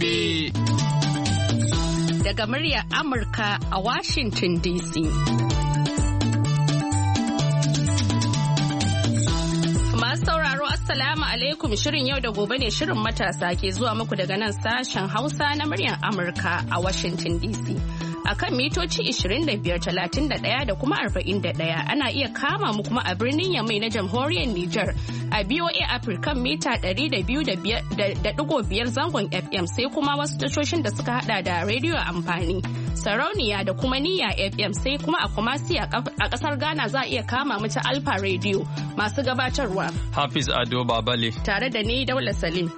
gobe. Daga muryar Amurka a Washington DC. Masu sauraro Assalamu alaikum shirin yau da gobe ne shirin matasa ke zuwa muku daga nan sashen Hausa na muryar Amurka a Washington DC. a kan mitoci 2531 da kuma 41 ana iya kama mu kuma a birnin Yamai na jamhuriyar Nijar a BOA Africa mita 200.5 zangon FM sai kuma wasu tashoshin da suka hada da rediyo amfani. Sarauniya da kuma niyya FM sai kuma a Kumasi a kasar Ghana za a iya kama mu ta Alfa Radio masu gabatarwa. Hafiz Ado Babale. Tare da ni Daula Salim.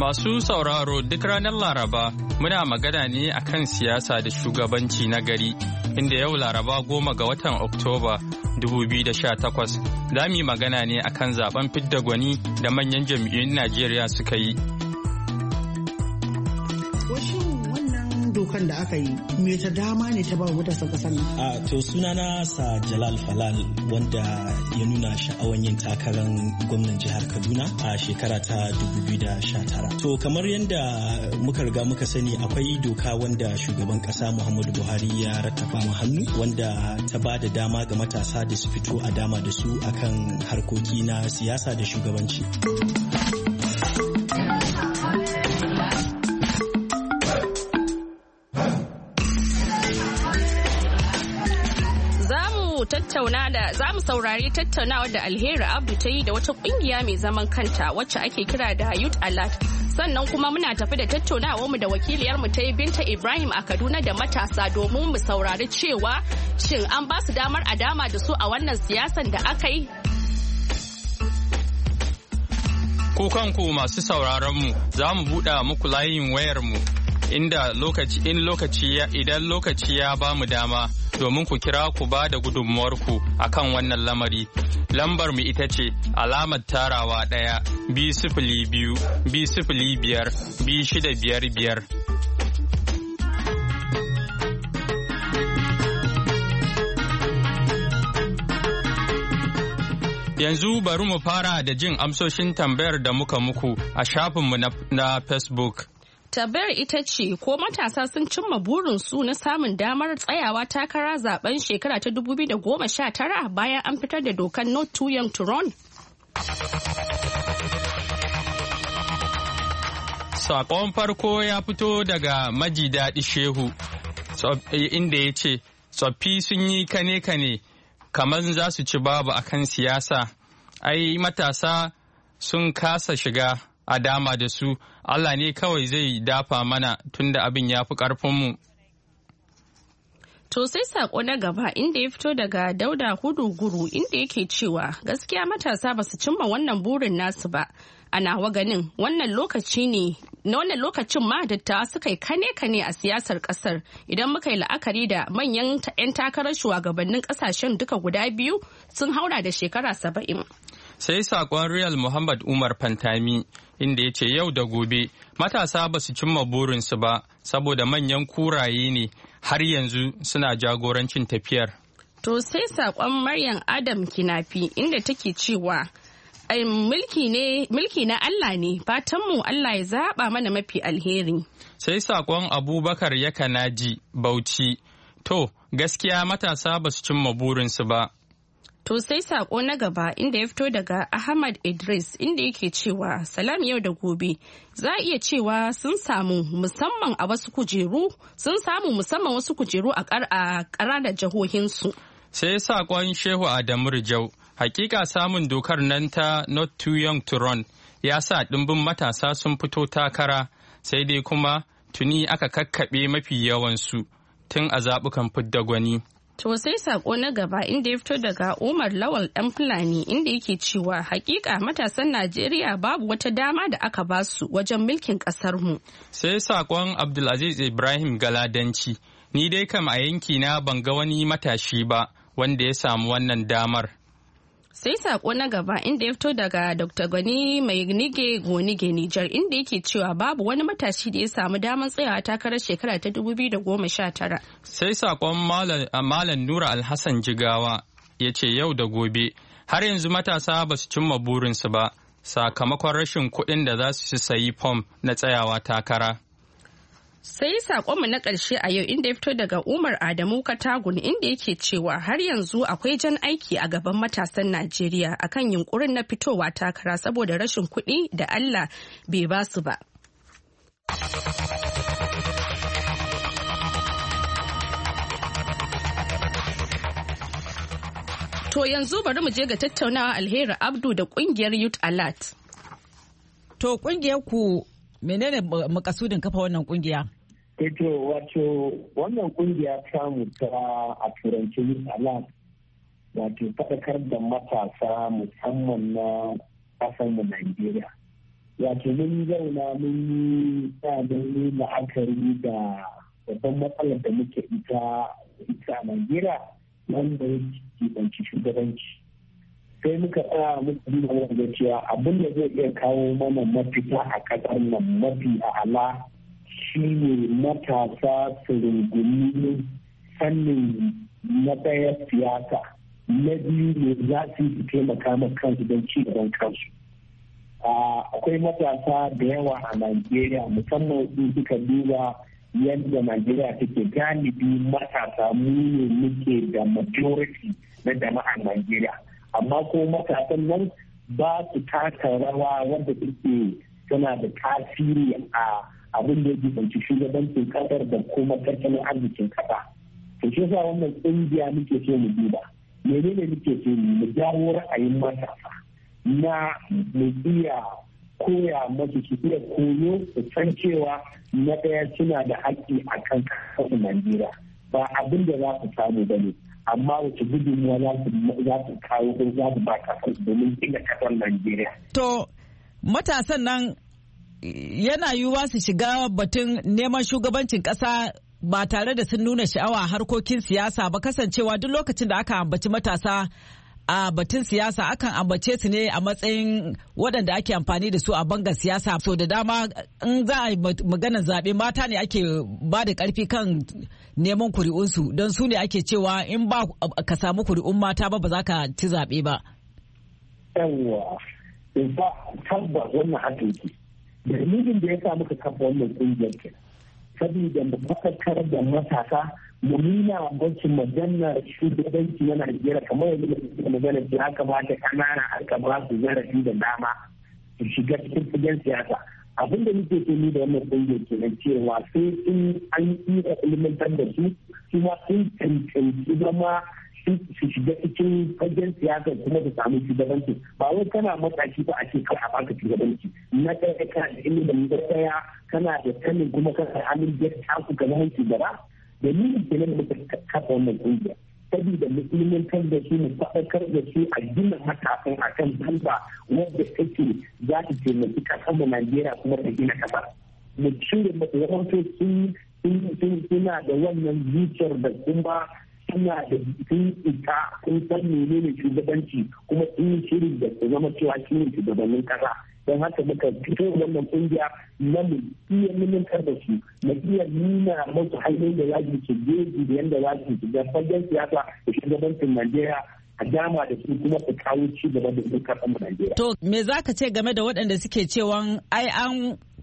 Masu sauraro duk ranar Laraba muna magana ne akan siyasa da shugabanci na gari inda yau Laraba goma ga watan Oktoba 2018 za mu yi magana ne akan zaben fidda gwani da manyan jam'iyyun Najeriya suka yi ayyukan da aka yi me ta dama ne ta ba ta saka sannan a to sunana sa jalal falal wanda ya nuna sha'awan yin takarar gwamnan jihar kaduna a shekara ta 2019 to kamar yadda muka riga muka sani akwai doka wanda shugaban kasa muhammadu buhari ya rattafa mu hannu wanda ta ba da dama ga matasa da su fito a dama da su akan harkoki na siyasa da shugabanci. mu tattauna da za mu saurari tattaunawa da alheri abdu ta yi da wata kungiya mai zaman kanta wacce ake kira da youth alert sannan kuma muna tafi da tattaunawa mu da wakiliyar mu ta binta ibrahim a kaduna da matasa domin mu saurari cewa shin an ba su damar a dama da su a wannan siyasan da aka yi ku kanku masu sauraron mu za mu buɗe muku layin wayar mu inda lokaci in lokaci idan lokaci ya ba mu dama domin ku kira ku ba da gudunmuwarku a kan wannan lamari. Lambar mu ita ce alamar tarawa ɗaya bi sifili biyu bi sifili biyar bi shida biyar biyar. Yanzu bari mu fara da jin amsoshin tambayar da muka muku a shafinmu na Facebook. Tabayar ita ce ko matasa sun cimma burinsu na samun damar tsayawa takara zaben shekara ta 2019 bayan an fitar da dokar Not to Young to Sakon farko ya fito daga maji daɗi shehu inda ya ce, tsoffi sun yi kane-kane kamar za su ci babu akan siyasa, ai matasa sun kasa shiga a dama da su Allah ne kawai zai dafa mana tun da abin ya fi ƙarfinmu. To sai sako na gaba inda ya fito daga dauda hudu guru inda yake cewa gaskiya matasa ba su cimma wannan burin nasu ba. A nawa ganin wannan lokaci ne na wannan lokacin ma dattawa suka yi kane-kane a siyasar kasar idan muka yi la'akari da manyan 'yan takarar shugabannin kasashen duka guda biyu sun haura da shekara saba'in. sai sakon real muhammad umar fantami inda ya ce yau da gobe matasa ba su cimma burinsu ba saboda manyan kuraye ne har yanzu suna jagorancin tafiyar to sai sakon maryam adam kinafi inda take cewa mulki na Allah ne fatanmu Allah ya zaba mana mafi alheri. Sai saƙon abubakar ya kanaji bauchi, to gaskiya matasa ba su cimma burinsu ba, To sai sako na gaba inda ya fito daga Ahmad Idris inda yake cewa salam yau da gobe za a iya cewa sun samu musamman a wasu kujeru sun samu musamman wasu kujeru a da jihohinsu. Sai sakon Shehu Adamu Rijau hakika samun dokar nan ta not too young to run ya sa ɗimbin matasa sun fito takara sai dai kuma tuni aka kakkaɓe mafi yawansu tun a zaɓukan fidda gwani. To sai sako na gaba inda ya fito daga Umar Lawal ɗan Fulani inda yake cewa hakika matasan Najeriya babu wata dama da aka basu wajen mulkin ƙasar mu. Sai sakon Abdulaziz Ibrahim Galadanci, ni dai kam a yanki na ban ga wani matashi ba wanda ya samu wannan damar. sai sako na gaba inda ya fito daga dr gani mai nige gonige nijar inda yake cewa babu wani matashi da ya samu damar tsayawa takarar shekara ta 2019 sai sakon malam nura alhassan jigawa ya ce yau da gobe har yanzu matasa ba su cimma burinsu ba sakamakon rashin kuɗin da za su sayi fom na tsayawa takara Sai mu na ƙarshe a yau inda ya fito daga Umar Adamu Katagun inda yake cewa har yanzu akwai jan aiki a gaban matasan Najeriya akan yunkurin na fitowa takara saboda rashin kuɗi da Allah bai ba su ba. To yanzu bari mu je ga tattaunawa alheri Abdu da kungiyar Youth Alert. To kungiyar ku menene makasudin kafa wannan kungiya eto eh, wato wannan kungiya ta ta a turanci misalan wato faɗakar da matasa musamman na ƙasar mu Najeriya. Wato mun zauna mun yi yi la'akari da babban matsalar da muke ita ita a Najeriya wanda ya ci shugabanci. sai muka tsaya muka duba muka wanda cewa abin da zai iya kawo mana mafita a ƙasar nan mafi ala shi ne matasa su rungumi na ɗaya siyasa na biyu ne za su yi taimaka ma kansu don ci gaban kansu akwai matasa da yawa a najeriya musamman su suka duba yadda najeriya take galibi matasa mu ne muke da majority na jama'ar najeriya amma ko matasan nan ba su taka rawa wanda suke tana da tasiri a abin da ya jibanci shugabancin kasar da kuma tattalin arzikin kasa to shi yasa wannan kungiya muke so mu duba menene muke so mu jawo ra'ayin matasa na mu iya koya masu su iya koyo su san cewa na ɗaya suna da haƙƙi a kan kasar Najeriya ba abin da za su samu ba ne amma wace gudunmuwa za su kawo ko za su ba kasar domin gina kasar Najeriya. To matasan nan yana yiwuwa su shiga batun neman shugabancin ƙasa ba tare da sun nuna sha'awa harkokin siyasa ba kasancewa duk lokacin da aka ambaci matasa a batun siyasa akan ambace su ne a matsayin waɗanda ake amfani da su a bangar siyasa so da dama in za a yi zaɓe mata ne ake ba da ƙarfi kan neman kuri'unsu don su ne ake cewa in ba ka samu kuri'un mata ba ba za ka ci zaɓe ba. yawwa ba tabbas wannan haka yake dalilin da ya sa muka kafa wannan ƙungiyar ke saboda mu da matasa mu nuna wa magana shugabanci yana Najeriya kamar yadda da maganar da haka ta kanana aka ba su zarafi da dama su shiga cikin fagen siyasa abin da muke so ni da wannan kungiya kenan cewa sai in an iya ilimantar da su su ma sun cancanci zama su shiga cikin fagen siyasa kuma su samu shugabanci ba wai kana matashi ba a ce kar a baka shugabanci na ɗaya kana da ilimin da ɗaya kana da sanin kuma kana da halin da ta ku gaba zama dalilin da nan muka kafa wannan kungiya saboda musulmin kan da su mu faɗakar da su a gina matakan a kan wanda wadda take za ta taimaki ƙasar da Najeriya kuma ta gina kasa Mu shirya mata zamanto sun suna da wannan zuciyar da kuma suna da sun ita sun san menene shugabanci kuma sun yi shirin da su zama cewa shi ne shugabannin ƙasa. don haka muka fito wannan kungiya na mu iya mimintar da su na iya nuna musu hanyoyin da za su geji da yadda za su shiga fagen siyasa da shugabancin najeriya a dama da su kuma su kawo ci gaba da dukkan ƙasar najeriya. to me za ka ce game da waɗanda suke cewa ai an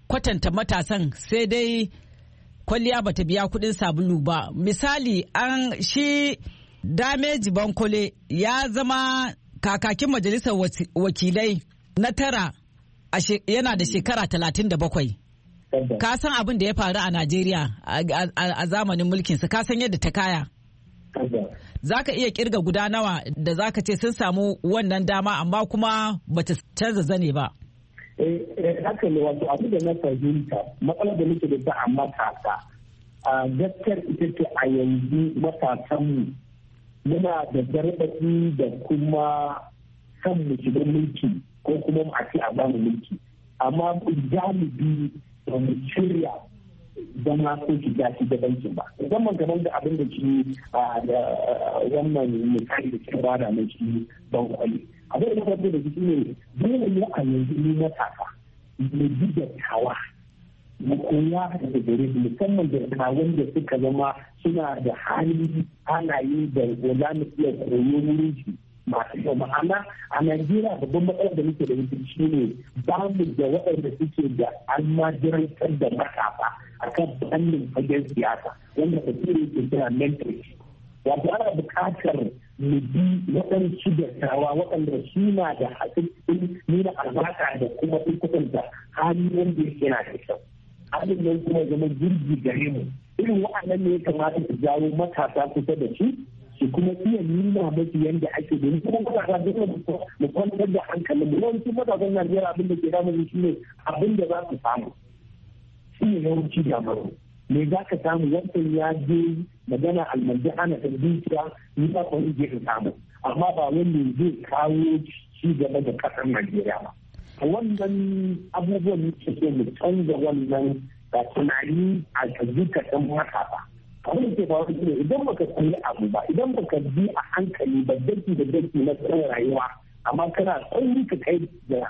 kwatanta matasan sai dai kwalliya bata biya kuɗin sabulu ba misali an shi dameji bankole ya zama kakakin majalisar wakilai na tara yana da shekara talatin da bakwai. Ka san abin da ya faru a Najeriya a zamanin mulkinsa, ka san yadda ta kaya. Za ka iya kirga guda nawa da za ka ce sun samu wannan dama amma kuma bata canza zane ba. Eh, eh, haka ne wato abu da na fahimta matsalar da muke da a matasa a gaskiyar ita ce a yanzu matasanmu muna da garbaɗi da kuma kan mu shiga mulki ko kuma a ce a bamu mulki amma galibi da mu shirya zama ko ki da bankin ba musamman kamar da abin da ke a wannan misali da cikin bada na shi ban kwali abin da farko da shi ne dole ne a yanzu ni matasa mu bi da tawa mu koya da gare su musamman da tawon da suka zama suna da hali halaye da za mu iya koyo wurin shi masu kyau ma'ana a najeriya babban matsalar da muke da shi ne ba mu da waɗanda suke da almajirantar da matasa a kan fannin fagen siyasa wanda da yake kira mentorship wato ana buƙatar mu bi waɗansu dattawa waɗanda na da haƙiƙin nuna albarka da kuma da hali wanda yake na da kyau Hali nan kuma zama jirgi gare mu irin wa'annan ne ya kamata su jawo matasa kusa da su su kuma iya nuna mafi yadda ake domin kuma kuma kuma kuma kuma da kuma mu yawancin matasan najeriya kuma kuma kuma kuma kuma ne kuma da kuma kuma samu kuma kuma yawanci kuma me za ka samu wancan ya je magana almanji ana ta dukiya ni ba kwan je in samu amma ba wani zai kawo ci gaba da kasar najeriya ba wannan abubuwan ne ke mu canza wannan tunani a zukatan matasa abin da ke faru ne idan baka kalli abu ba idan baka bi a hankali ba daki da daki na tsawon rayuwa amma kana tsauri ka kai da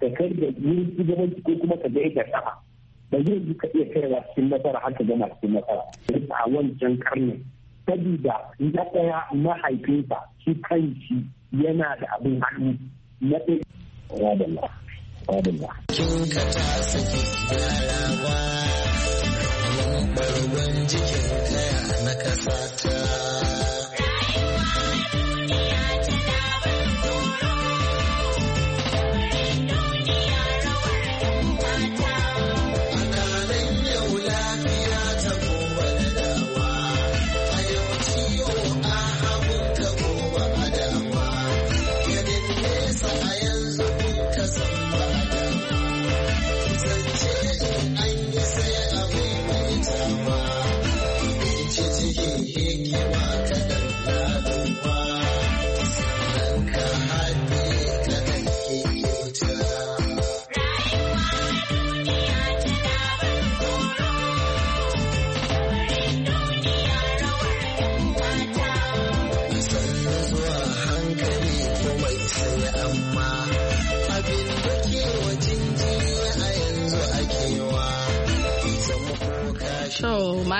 ka kai da yin shugabanci ko kuma ka ga sama ba zai yi ka iya kaiwa cikin nasara haka gama cikin nasara a wancan karni sabida na ɗaya mahaifinsa shi kanshi yana da abin hannu na ɗaya ɓarwan jikin kaya na ƙasa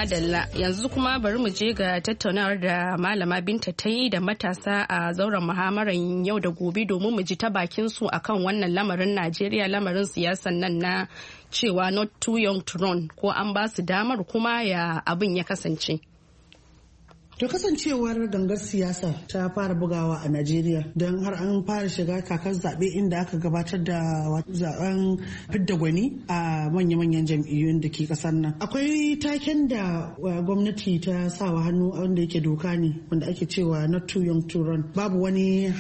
madalla yanzu kuma bari mu je ga tattaunawar da malama binta ta yi da matasa a zauren muhammaran yau da gobe domin mu ji ta bakin su akan wannan lamarin najeriya lamarin siyasan nan na cewa not too young to run ko an ba su damar kuma ya abin ya kasance. To kasancewar gangar siyasa ta fara bugawa a Najeriya don har an fara shiga kakar zaɓe inda aka gabatar da zaben fidda gwani a manya-manyan jam'iyyun da ke ƙasar nan. Akwai taken da gwamnati ta sawa hannu wanda yake doka ne wanda ake cewa na tuyon turon. Babu wani eh,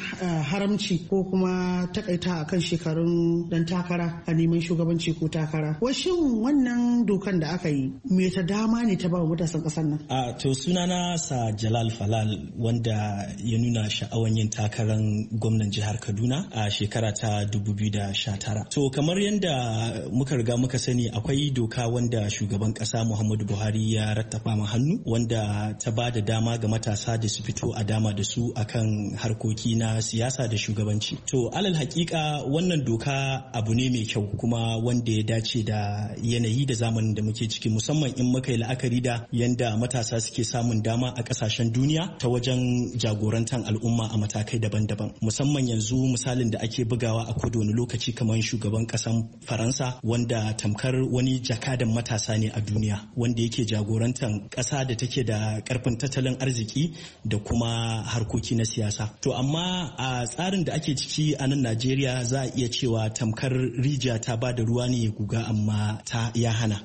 haramci ko kuma takaita a kan shekarun dan takara a neman shugabanci ko takara. Washin wannan dokan da aka yi me ta dama ne ta ba wa matasan ƙasar nan? A to sunana sa Jalal Falal wanda ya nuna sha'awar yin takarar gwamnan jihar Kaduna a shekara ta 2019. To kamar yadda muka riga muka sani akwai doka wanda shugaban kasa Muhammadu Buhari ya rattafa ma hannu wanda ta ba da dama ga matasa da su fito a dama da su akan harkoki na siyasa da shugabanci. To alal hakika wannan doka abu ne mai kyau kuma wanda ya dace da yanayi da zamanin da muke ciki musamman in muka yi la'akari da yanda matasa suke samun dama a kasashen duniya ta wajen jagorantar al'umma a matakai daban-daban musamman yanzu misalin da ake bugawa a kudu wani lokaci kamar shugaban kasan faransa wanda tamkar wani jakadan matasa ne a duniya wanda yake jagorantar kasa da take da karfin tattalin arziki da kuma harkoki na siyasa to amma a tsarin da ake ciki a nan najeriya za a iya cewa tamkar rijiya ta ba da ruwa ne guga amma ta ya hana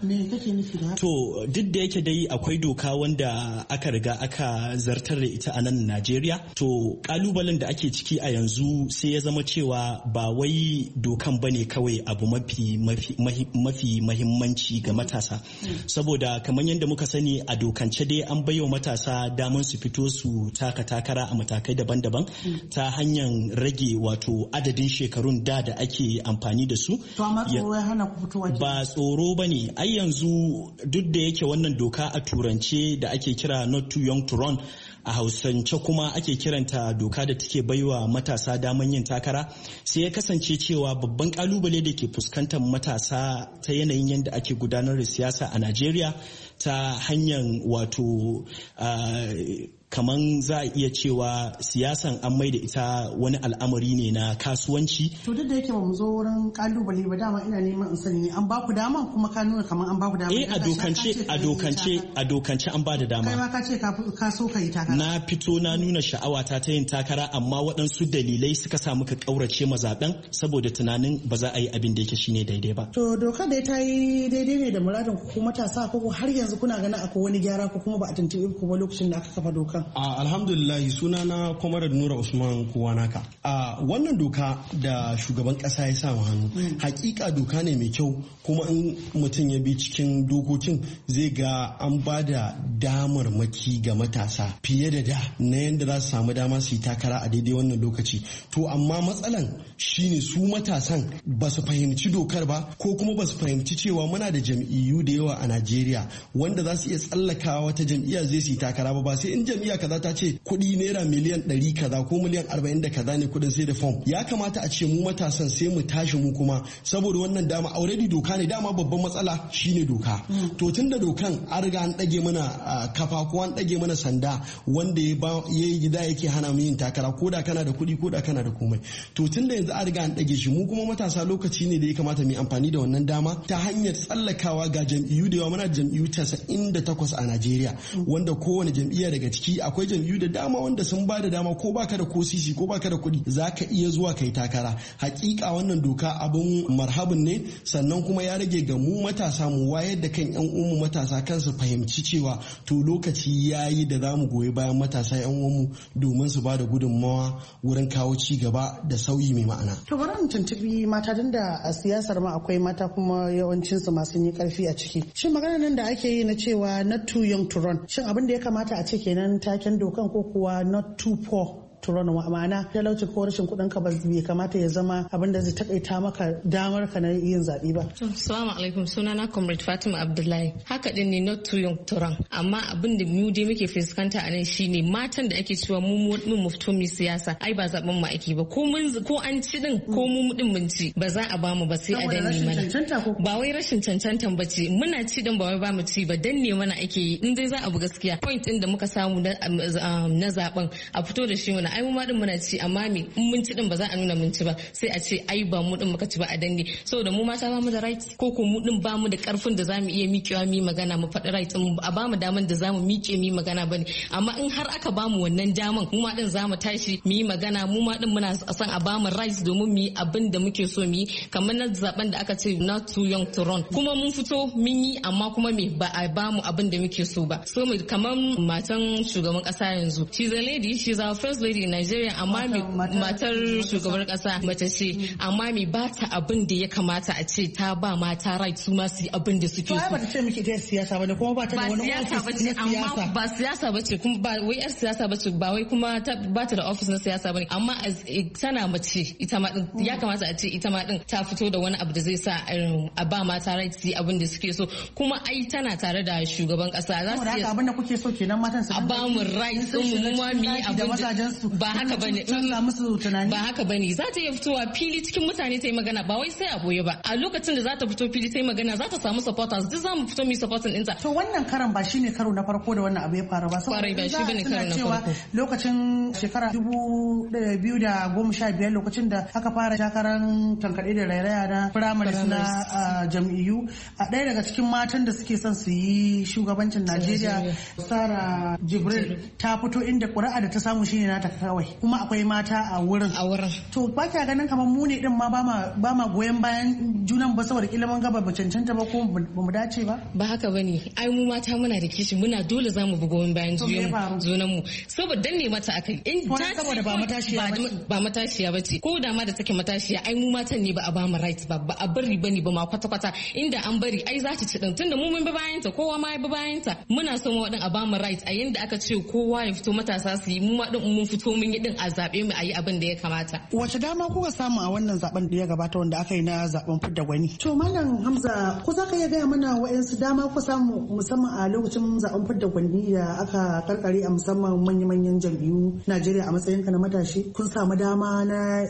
to duk da yake dai akwai doka wanda aka riga aka aka zartar da ita a nan Najeriya. To kalubalen da ake ciki a yanzu sai ya zama cewa ba wai dokan ba ne kawai abu mafi mafi mahimmanci ga matasa. Saboda kamar yadda muka sani a dokance dai an baiwa matasa damar su fito su taka takara a matakai daban-daban ta hanyar rage wato adadin shekarun da da ake amfani da su. Ba tsoro ba ne, ai yanzu duk da yake wannan doka a turance da ake kira not too young Turon a hausance kuma ake kiranta doka da take baiwa matasa daman yin takara sai ya kasance cewa babban kalubale da ke fuskantar matasa ta yanayin yadda ake gudanar da siyasa a Najeriya ta hanyar wato ah, kaman za a iya cewa siyasan an mai da ita wani al'amari ne na kasuwanci. To duk da yake ba mu zo wurin kalubale ba dama ina neman in sani ne an ba ku dama kuma ka nuna kaman an ba ku dama. Eh a dokance a dokance a dokance an ba da dama. Kai ma ka ce ka so ka yi takara. Na fito na nuna sha'awa ta ta yin takara amma waɗansu dalilai suka sa muka ƙaurace ma zaben saboda tunanin ba za a yi abin da yake shine daidai ba. To dokar da ta yi daidai ne da muradin ku matasa ko har yanzu kuna ganin akwai wani gyara ko kuma ba a tuntuɓe ku ba lokacin da aka kafa dokar. naka? A alhamdulillah sunana Kwamarar Nura Usman kowa naka. A wannan doka da shugaban kasa ya sa hannu hmm. hakika doka ne mai kyau kuma in mutum ya bi cikin dokokin zai ga an ba da damar maki ga matasa fiye da da na yadda za su samu dama su yi takara a daidai wannan lokaci. To amma matsalan shine su matasan ba su fahimci dokar ba ko kuma ba su fahimci cewa muna da jam'iyyu da yawa a Najeriya wanda za su iya tsallakawa wata jam'iyya zai su yi takara ba sai in jam'iyya kaza ta ce kuɗi naira miliyan ɗari kaza ko miliyan arba'in da kaza ne kuɗin sai da fom ya kamata a ce mu matasan sai mu tashi mu kuma saboda wannan dama already doka ne dama babban matsala shine doka mm. to tun da dokan an riga an ɗage mana kafa ko an ɗage mana sanda wanda ya yi gida yake hana mu yin takara ko da kana da kuɗi ko da kana da komai to tun da yanzu za a riga an ɗage shi mu kuma matasa lokaci ne da ya kamata mu yi amfani da wannan dama ta hanyar tsallakawa ga jam'iyyu da yawa muna da jam'iyyu casa'in da takwas a Najeriya wanda kowane jam'iyya daga ciki akwai jam'iyyu da dama wanda sun ba da dama ko baka da ko sisi ko baka da kuɗi za ka iya zuwa kai takara hakika wannan doka abin marhabin ne sannan kuma ya rage ga mu matasa mu wayar da kan yan uwanmu matasa kansu fahimci cewa to lokaci ya yi da za mu goyi bayan matasa yan uwanmu domin su ba da gudunmawa wurin kawo ci gaba da sauyi mai ma'ana. To bari mu tuntubi mata din da a siyasar ma akwai mata kuma yawancin su masu yi karfi a ciki. Shin magana nan da ake yi na cewa not too young to run. Shin abin da ya kamata a ce kenan taken dokan ko kuwa not too poor turana ma'ana talauci ko rashin kuɗin ka ba bai kamata ya zama abin da zai takaita maka damar ka na yin zaɓe ba. Assalamu alaikum sunana Comrade Fatima Abdullahi haka din ne not too young turan amma abin da mu dai muke fuskanta a nan shine matan da ake cewa mu mu mufto mu siyasa ai ba zaben mu ake ba ko mun ko an ci din ko mu din mun ci ba za a ba mu ba sai a danne mana. Ba wai rashin cancantan ba ce muna ci din ba wai ba mu ci ba danne mana ake yi in dai za a bu gaskiya point din da muka samu na um, zaben a fito da shi wani mana ai mu ma din muna ci amma me in mun ci din ba za a nuna mun ci ba sai a ce ai ba mu din muka ci ba a danne saboda mu mata ba mu da right ko ko mu din ba mu da karfin da zamu iya miƙewa mi magana mu faɗi right mu a ba mu daman da zamu miƙe mi magana bane amma in har aka ba mu wannan daman mu ma din zamu tashi mu magana mu ma din muna son a ba mu right domin mu yi abin da muke so mu yi kamar na zaben da aka ce not too young to run kuma mun fito mun yi amma kuma me ba a ba mu abin da muke so ba so kamar matan shugaban kasa yanzu she's a lady she's our first lady misali Nigeria amma matar shugaban kasa mace ce mm. amma mi ba ta abin da ya kamata a ce ta ba mata right su ma su abin da suke so. Ba ta ce miki siyasa bane kuma ba ta da wani office na siyasa. Ba siyasa bace kuma ba wai yar siyasa bace ba wai kuma ba ta da office na siyasa bane amma tana mace ita ma din ya mm. kamata a ce ita ma din ta fito da wani abu da zai sa um, a ba mata right su abin da suke so kuma ai tana tare da shugaban kasa za su iya. Abin da kuke so kenan matan su. A ba mu right su mu mu ma mu yi abin da ba haka bane ba haka bane za ta iya fitowa fili cikin mutane ta yi magana ba wai sai a boye ba a lokacin da za ta fito fili ta yi magana za ta samu supporters duk za mu fito mu supporting ɗinta to wannan karan ba shine karo na farko da wannan abu ya faru ba saboda ba shi bane karo na farko lokacin shekara dubu biyu da goma sha biyar lokacin da aka fara shakaran tankaɗe da rairaya na firamare na jam'iyyu a ɗaya daga cikin matan da suke son su yi shugabancin najeriya sara jibril ta fito inda ƙuri'a da ta samu shine nata kawai kuma akwai mata a wurin a wurin to ba kya ganin kamar mu ne din ma ba ma goyon bayan junan ba saboda kila mun gaba ba cancanta ba ko ba mu dace ba ba haka bane ai mu mata muna da kishi muna dole zamu mu bi goyon bayan junan mu saboda ne mata akai in ta saboda ba matashiya ba matashiya bace ko da ma da take matashiya ai mu matan ne ba a ba mu right ba ba a bari bane ba ma kwata kwata inda an bari ai za ta ci din tunda mu mun bi bayan ta kowa ma ya bi bayan ta muna so mu wadin a ba mu right a yanda aka ce kowa ya fito matasa su yi mu ma din mun fito to mun yi din a zaɓe mu a yi abin da ya kamata. Wace dama kuka samu a wannan zaben da ya gabata wanda aka yi na zaben fidda gwani? To Malam Hamza ko za ka iya gaya mana wayansu dama kuka samu musamman a lokacin zaben fidda gwani da aka karkare a musamman manya-manyan jam'iyyu Najeriya a matsayin ka na matashi kun samu dama na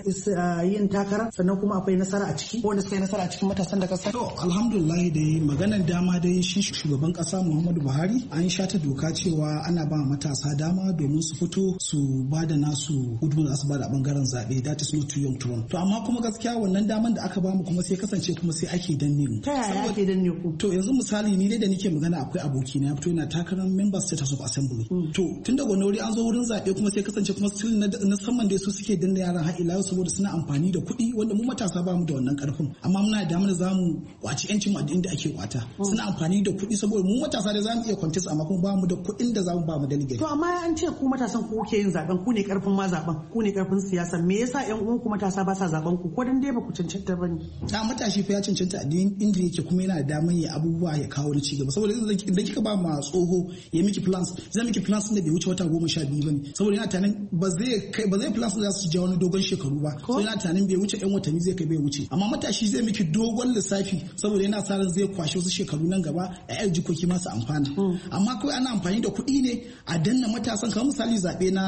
yin takara sannan kuma akwai nasara a ciki wanda suka yi nasara a cikin matasan da kasa. To alhamdulillah dai maganar dama dai shi shugaban kasa Muhammadu Buhari an sha ta doka cewa ana ba matasa dama domin su fito su ba da nasu gudun da ba da bangaren zaɓe that is not too young to run to amma kuma gaskiya wannan daman da aka bamu kuma sai kasance kuma sai ake danne mu ta yaya ake danne ku to yanzu misali ni dai da nake magana akwai aboki na fito yana takarar member status of assembly mm. to tun da wani wuri an zo wurin zaɓe kuma sai kasance kuma still na saman da su suke danne yaran har ila saboda suna amfani da kuɗi wanda mu matasa bamu da wannan karfin amma muna da mana zamu kwaci yancin mu inda ake kwata mm. suna amfani da kuɗi saboda mu matasa da zamu iya contest amma kuma bamu da kuɗin da zamu ba delegate to amma an ce ku matasan ku kuke yin zaben ku ne ne karfin ma zaben ku ne karfin siyasa me yasa yan uwan kuma matasa ba sa zaben ku ko dan dai ba ku cancanta bane ta matashi fa ya cancanta a inda yake kuma yana da damar ya abubuwa ya kawo ni cigaba saboda idan kika ba ma tsoho ya miki plans zai miki plans da bai wuce wata goma sha biyu bane saboda yana tunanin ba zai kai ba zai plans za su ja wani dogon shekaru ba sai yana tunanin bai wuce yan watanni zai kai bai wuce amma matashi zai miki dogon lissafi saboda yana sa ran zai kwashe wasu shekaru nan gaba a yan jikoki masu amfana hmm. amma kawai ana amfani da kuɗi ne a danna matasan kamar misali zaɓe na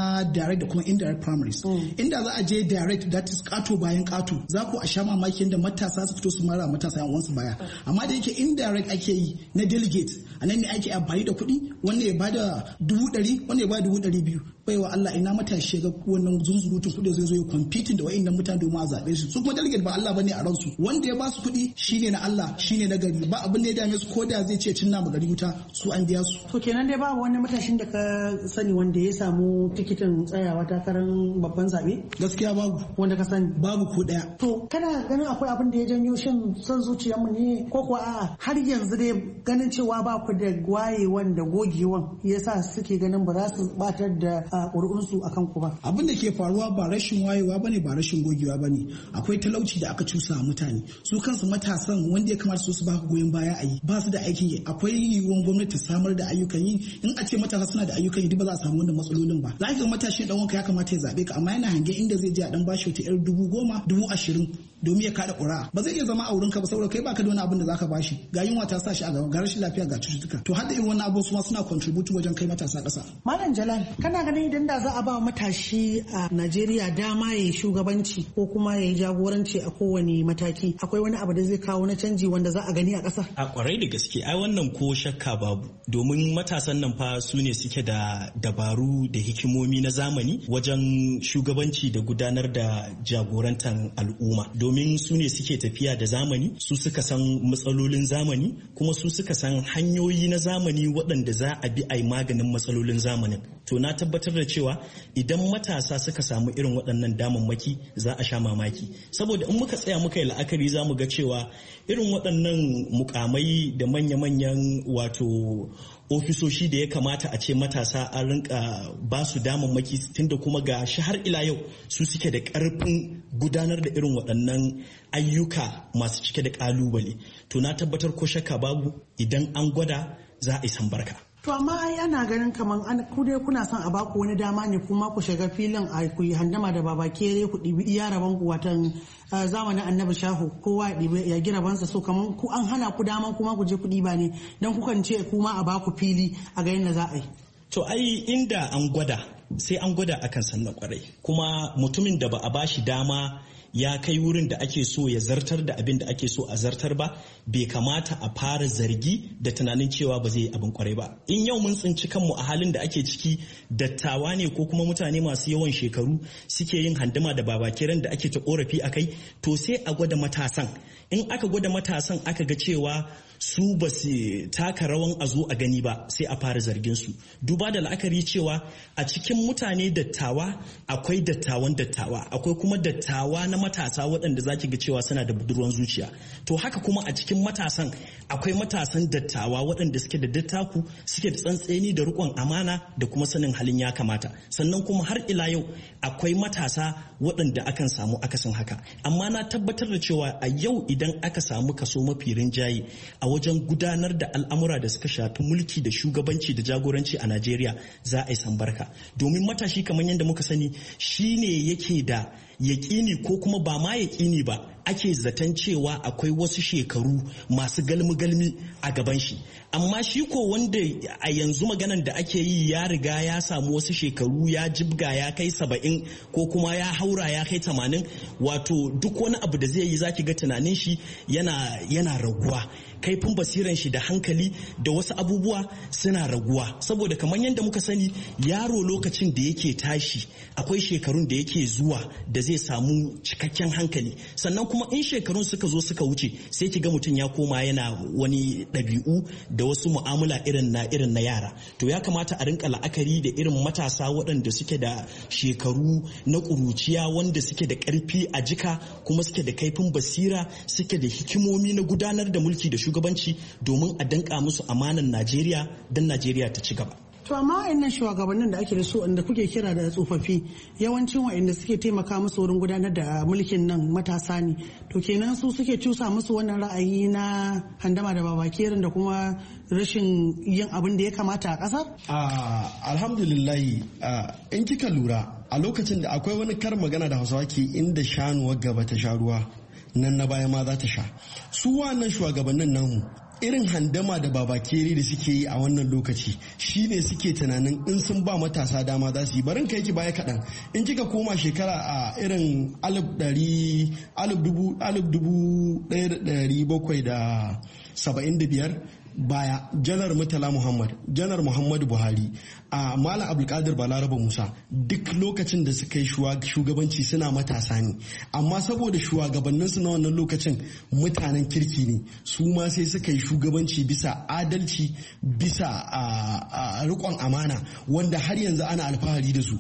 direct da kuma indirect primaries mm. inda za a je direct that is kato bayan kato za ku a sha mamakin da matasa su fito su mara matasa yan uwansu baya mm. amma da yake indirect ake yi na delegate a nan ne ake amfani da kuɗi wanda ya ba da dubu ɗari wanda ya da dubu ɗari biyu baiwa Allah ina matashi ga wannan zunzurutun kuɗi zai zo ya kwamfitin da wa'annan mutane domin a zaɓe su su kuma delegate ba Allah bane a ransu wanda ya ba su kuɗi shine na Allah shine na gari ba abin da ya dame su ko da zai ce cinna mu gari wuta su an biya su to kenan dai babu wani matashin da ka sani wanda ya samu tikitin tsayawa takarar babban zabe gaskiya babu wanda ka sani babu ko daya to kana ganin akwai abin da ya janyo shin son mu ne ko kuwa a'a har yanzu dai ganin cewa ba ku da wayewan da gogewan yasa suke ganin ba za su batar da ƙuri'unsu a kan kuma. Abin da ke faruwa ba rashin wayewa bane ba rashin gogewa bane akwai talauci da aka cusa a mutane su kansu matasan wanda ya kamata su su ba goyon baya a yi ba su da aikin yi akwai yiwuwar gwamnati samar da ayyukan yi in a ce matasa suna da ayyukan yi duk ba za a samu wannan matsalolin ba. Za matashin ɗan wanka ya kamata ya zaɓe ka amma yana hange inda zai je a ɗan bashi wata 'yar dubu goma dubu ashirin domin ya kada ƙura ba zai iya zama a wurinka ba saboda kai baka da wani abin da zaka bashi ga yunwa ta sa shi a gaba ga lafiya ga cututtuka to har da irin wannan su ma suna contribute wajen kai matasa ƙasa. Malam Jalal kana ganin ganin idan da za a ba matashi a Najeriya dama ya yi shugabanci ko kuma ya yi jagoranci a kowane mataki akwai wani abu da zai kawo na canji wanda za a gani a kasa. A kwarai da gaske ai wannan ko shakka babu domin matasan nan fa su ne suke da dabaru da hikimomi na zamani wajen shugabanci da gudanar da jagorantan al'umma domin su ne suke tafiya da zamani su suka san matsalolin zamani kuma su suka san hanyoyi na zamani waɗanda za a bi a yi maganin matsalolin zamanin. To na tabbatar tabbatar da cewa idan matasa suka samu irin waɗannan damammaki za a sha mamaki saboda in muka tsaya muka yi la'akari za mu ga cewa irin waɗannan mukamai da manya-manyan wato ofisoshi da ya kamata a ce matasa a rinka ba su damammaki da kuma ga shi har ila yau su suke da karfin gudanar da irin waɗannan ayyuka masu cike da ƙalubale to na tabbatar ko shakka babu idan an gwada za a yi barka. To amma yana ganin kamar an dai kuna son a baku wani dama ne kuma ku shiga filin a ku yi handama da baba kere ku ɗibi iya raban ku watan zamanin annabi shahu kowa ya gina bansa so kamar ku an hana ku dama kuma ku je ku ɗiba ne don kukan ce kuma a baku fili a ga yadda za a yi. To ai inda an gwada sai an gwada akan sannan kwarai kuma mutumin da ba a bashi dama ya kai wurin da ake so ya zartar da abin da ake so a zartar ba bai kamata a fara zargi da tunanin cewa ba zai yi abin kwarai ba in yau mun tsinci kanmu a halin da ake ciki dattawa ne ko kuma mutane masu yawan shekaru suke yin handuma da babakiran da ake ta korafi a kai to sai a gwada matasan in aka gwada matasan aka ga cewa su ba su taka rawan a zo a gani ba sai a fara zargin su duba da la'akari cewa a cikin mutane dattawa akwai dattawan dattawa akwai kuma dattawa na matasa waɗanda zaki ga cewa suna da budurwan zuciya to haka kuma a cikin matasan akwai matasan dattawa waɗanda suke da dattaku suke da tsantseni da riƙon amana da kuma sanin halin ya kamata sannan kuma har ila yau akwai matasa waɗanda akan samu akasin haka amma na tabbatar da cewa a yau idan idan aka samu kaso mafi rinjaye a wajen gudanar da al'amura da suka shafi mulki da shugabanci da jagoranci a Najeriya za a yi sambarka domin matashi kamar yadda muka sani shi ne yake da yaƙini ko kuma ba ma yaƙini ba ake zaton cewa akwai wasu shekaru masu galmi-galmi a gaban shi amma shi ko wanda a yanzu maganan da ake yi ya riga ya samu wasu shekaru ya jibga ya kai saba'in ko kuma ya haura ya kai tamanin wato duk wani abu da zai yi zaki ga tunanin shi yana raguwa kaifin basiran shi da hankali da wasu abubuwa suna raguwa saboda kamar yadda muka sani yaro lokacin da yake tashi akwai shekarun da yake zuwa da zai samu cikakken hankali sannan kuma in shekarun suka zo suka wuce sai ki ga mutum ya koma yana wani ɗabi'u da wasu mu'amala irin na irin na yara to ya kamata a rinka la'akari da irin matasa waɗanda suke da shekaru na ƙuruciya wanda suke da ƙarfi a jika kuma suke da kaifin basira suke da hikimomi na gudanar da mulki da shu shugabanci domin a danka musu amanan Najeriya don Najeriya ta ci gaba. To amma wa'annan shugabannin da ake da su da kuke kira da tsofaffi yawancin wa'anda suke taimaka musu wurin gudanar da ah, mulkin nan matasa ne. To kenan su suke cusa musu wannan ra'ayi na handama da babakerin da kuma rashin yin abin da ya kamata a ƙasar? Ah, Alhamdulillahi ah, in kika lura a lokacin da akwai wani kar magana da hausawa ke inda shanuwar gaba ta sha ruwa nan na baya ma za ta sha su wannan shugabannin namu irin handama da babakere da suke yi a wannan lokaci shine suke tunanin in sun ba matasa dama za su yi barin kai ki baya kaɗan in kika koma shekara a irin alif ɗari alif dubu alif dubu ɗaya da ɗari bakwai da saba'in da biyar baya janar mutala muhammad janar muhammadu buhari a mala abdulkadir balaraba musa duk lokacin da suka yi shugabanci suna matasa ne amma saboda shugabanninsu na wannan lokacin mutanen kirki ne su ma sai suka yi shugabanci bisa adalci bisa a rikon amana wanda har yanzu ana alfahari da su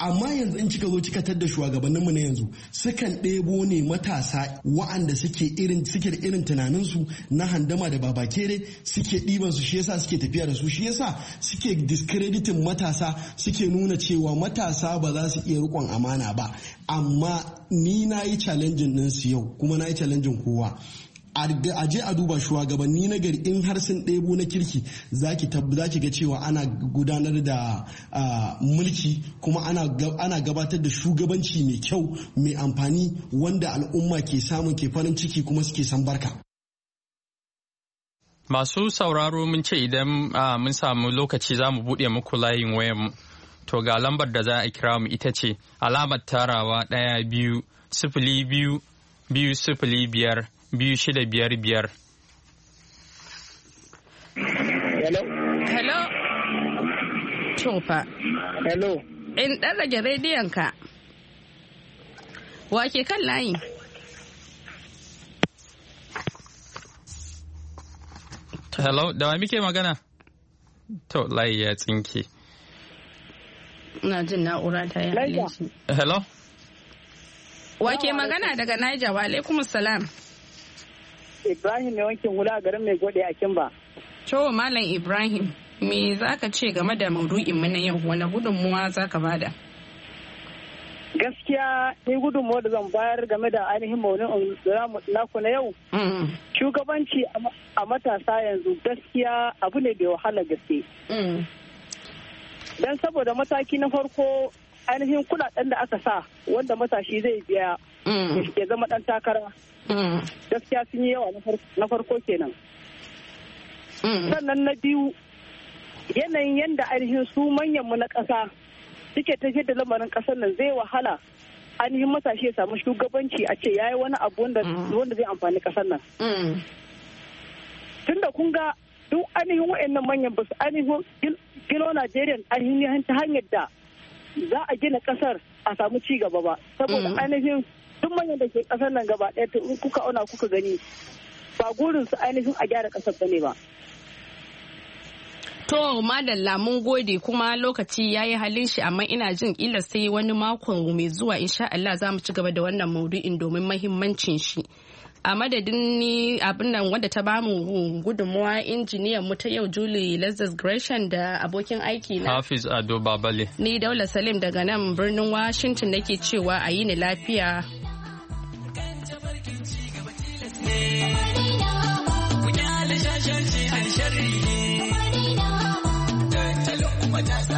amma yanzu in cika zo kika da shugabannin mu na yanzu sukan ɗebo ne matasa wa'anda suke irin suke da irin tunanin su na handama da babakere suke ɗiban su shi yasa suke tafiya da su shi yasa suke discrediting matasa suke nuna cewa matasa ba za su iya rikon amana ba amma ni na yi challenging ɗinsu yau kuma na yi challenging kowa a je a duba shugabanni na gari in har sun ɗebo na kirki za ki ga cewa ana gudanar da mulki kuma ana gabatar da shugabanci mai kyau mai amfani wanda al'umma ke samun ke farin ciki kuma suke san barka. Masu sauraro mun ce idan mun samu lokaci za mu buɗe muku layin wayan to ga lambar da za a kira mu ita ce alamar tarawa ɗaya biyu sifili biyu biyu sifili biyar biyu shida biyar biyar. Hello? Hello? Tofa. Hello? In ɗan rage rediyonka. ka. Wa ke kan layi? Hello, da wa muke magana? To, layi ya tsinke. Ina jin na'ura ta yi Hello? Wa ke magana daga Niger, wa alaikumus salam. Ibrahim mai wankin hula a garin mai gode a Kimba. To Malam Ibrahim, me za ka ce game da maudu'in mu na yau wani gudunmuwa za ka bada? Gaskiya ni gudunmuwa da zan bayar game da ainihin maudu'in naku na yau. Mm-hmm. Shugabanci a matasa yanzu gaskiya abu ne bai wahala gaske. Mm. Dan saboda mataki na farko ainihin kudaden da aka sa wanda matashi zai biya mm. ya zama dan takara Mm. gaskiya sun yi yawa na farko kenan mm. sannan na biyu yanayin yadda ainihin su manyanmu na ƙasa suke tafiyar da lamarin kasar nan zai wahala ainihin matashi ya samu shugabanci a ce ya yi wani abu wanda mm. zai amfani ƙasar nan tunda kun ga duk ainihin wa'annan manyan ba ainihin gino Najeriya ainihin ta hanyar da za a gina kasar a samu ci gaba ba saboda ainihin duk manyan da ke kasar nan gaba ɗaya to kuka auna kuka gani ba gurin su ainihin a gyara kasar ne ba To madalla mun gode kuma lokaci ya yi halin shi amma ina jin kila sai wani makon mai zuwa insha Allah za mu ci gaba da wannan maudu'in domin mahimmancin shi. A madadin ni abin nan wanda ta bamu gudunmuwa injiniyan mu ta yau Julie Lazarus Gresham da abokin aiki na Hafiz Ado Babale. Ni Daula Salim daga nan birnin Washington nake cewa a yi ni lafiya matasa